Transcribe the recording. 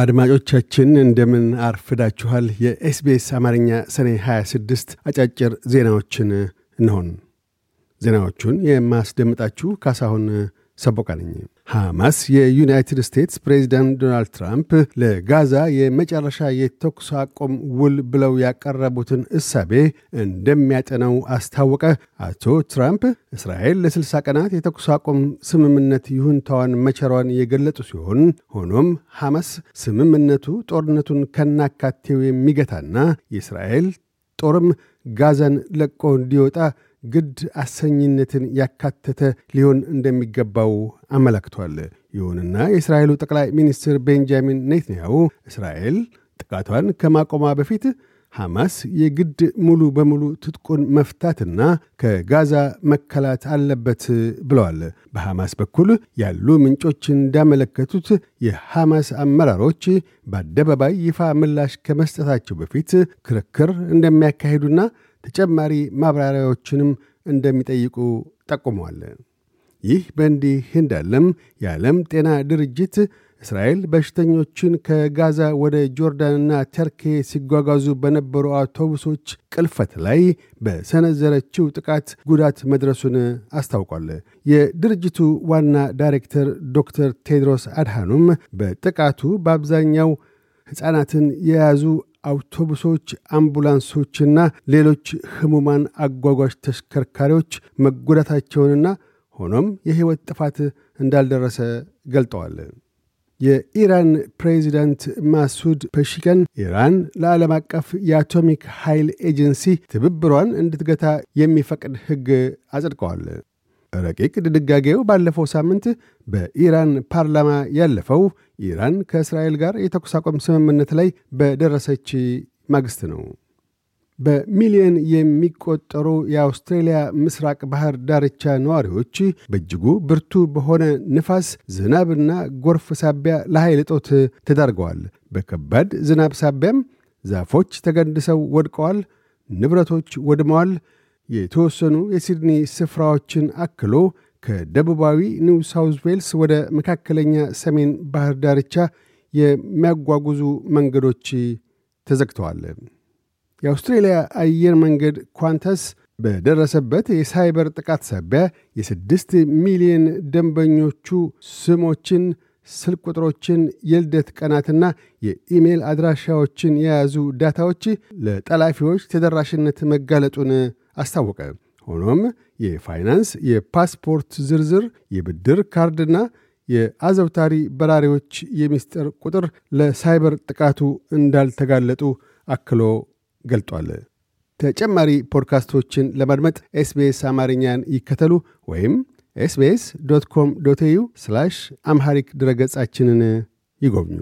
አድማጮቻችን እንደምን አርፍዳችኋል። የኤስቢኤስ አማርኛ ሰኔ 26 አጫጭር ዜናዎችን እንሆን። ዜናዎቹን የማስደምጣችሁ ካሳሁን ሰቦቃ ነኝ። ሐማስ የዩናይትድ ስቴትስ ፕሬዚዳንት ዶናልድ ትራምፕ ለጋዛ የመጨረሻ የተኩስ አቆም ውል ብለው ያቀረቡትን እሳቤ እንደሚያጠነው አስታወቀ። አቶ ትራምፕ እስራኤል ለ60 ቀናት የተኩስ አቆም ስምምነት ይሁንታዋን መቸሯን የገለጹ ሲሆን ሆኖም ሐማስ ስምምነቱ ጦርነቱን ከናካቴው የሚገታና የእስራኤል ጦርም ጋዛን ለቆ እንዲወጣ ግድ አሰኝነትን ያካተተ ሊሆን እንደሚገባው አመላክቷል። ይሁንና የእስራኤሉ ጠቅላይ ሚኒስትር ቤንጃሚን ኔትንያሁ እስራኤል ጥቃቷን ከማቆሟ በፊት ሐማስ የግድ ሙሉ በሙሉ ትጥቁን መፍታትና ከጋዛ መከላት አለበት ብለዋል። በሐማስ በኩል ያሉ ምንጮች እንዳመለከቱት የሐማስ አመራሮች በአደባባይ ይፋ ምላሽ ከመስጠታቸው በፊት ክርክር እንደሚያካሄዱና ተጨማሪ ማብራሪያዎችንም እንደሚጠይቁ ጠቁመዋል። ይህ በእንዲህ እንዳለም የዓለም ጤና ድርጅት እስራኤል በሽተኞችን ከጋዛ ወደ ጆርዳንና ተርኬ ሲጓጓዙ በነበሩ አውቶቡሶች ቅልፈት ላይ በሰነዘረችው ጥቃት ጉዳት መድረሱን አስታውቋል። የድርጅቱ ዋና ዳይሬክተር ዶክተር ቴድሮስ አድሃኖም በጥቃቱ በአብዛኛው ሕፃናትን የያዙ አውቶቡሶች፣ አምቡላንሶችና ሌሎች ህሙማን አጓጓዥ ተሽከርካሪዎች መጎዳታቸውንና ሆኖም የሕይወት ጥፋት እንዳልደረሰ ገልጠዋል። የኢራን ፕሬዚዳንት ማሱድ ፐሺቀን ኢራን ለዓለም አቀፍ የአቶሚክ ኃይል ኤጀንሲ ትብብሯን እንድትገታ የሚፈቅድ ሕግ አጽድቀዋል። ረቂቅ ድንጋጌው ባለፈው ሳምንት በኢራን ፓርላማ ያለፈው ኢራን ከእስራኤል ጋር የተኩስ አቁም ስምምነት ላይ በደረሰች ማግስት ነው። በሚሊዮን የሚቆጠሩ የአውስትሬልያ ምስራቅ ባህር ዳርቻ ነዋሪዎች በእጅጉ ብርቱ በሆነ ንፋስ፣ ዝናብና ጎርፍ ሳቢያ ለኃይል እጦት ተዳርገዋል። በከባድ ዝናብ ሳቢያም ዛፎች ተገንድሰው ወድቀዋል፣ ንብረቶች ወድመዋል። የተወሰኑ የሲድኒ ስፍራዎችን አክሎ ከደቡባዊ ኒው ሳውዝ ዌልስ ወደ መካከለኛ ሰሜን ባህር ዳርቻ የሚያጓጉዙ መንገዶች ተዘግተዋል። የአውስትሬልያ አየር መንገድ ኳንተስ በደረሰበት የሳይበር ጥቃት ሳቢያ የስድስት ሚሊዮን ደንበኞቹ ስሞችን፣ ስልክ ቁጥሮችን፣ የልደት ቀናትና የኢሜል አድራሻዎችን የያዙ ዳታዎች ለጠላፊዎች ተደራሽነት መጋለጡን አስታወቀ። ሆኖም የፋይናንስ የፓስፖርት ዝርዝር፣ የብድር ካርድና የአዘውታሪ በራሪዎች የሚስጥር ቁጥር ለሳይበር ጥቃቱ እንዳልተጋለጡ አክሎ ገልጧል። ተጨማሪ ፖድካስቶችን ለማድመጥ ኤስቤስ አማርኛን ይከተሉ ወይም ኤስቤስ ዶት ኮም ዶት ኤዩ አምሃሪክ ድረገጻችንን ይጎብኙ።